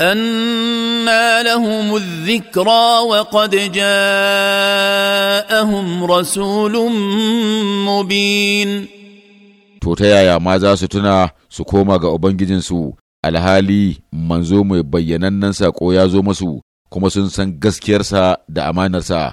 أنا لهم الذكرى وقد جاءهم رسول مبين To ta yaya ma za su tuna su koma ga Ubangijinsu alhali manzo mai bayyanannen saƙo ya zo masu kuma sun san gaskiyarsa da amanarsa.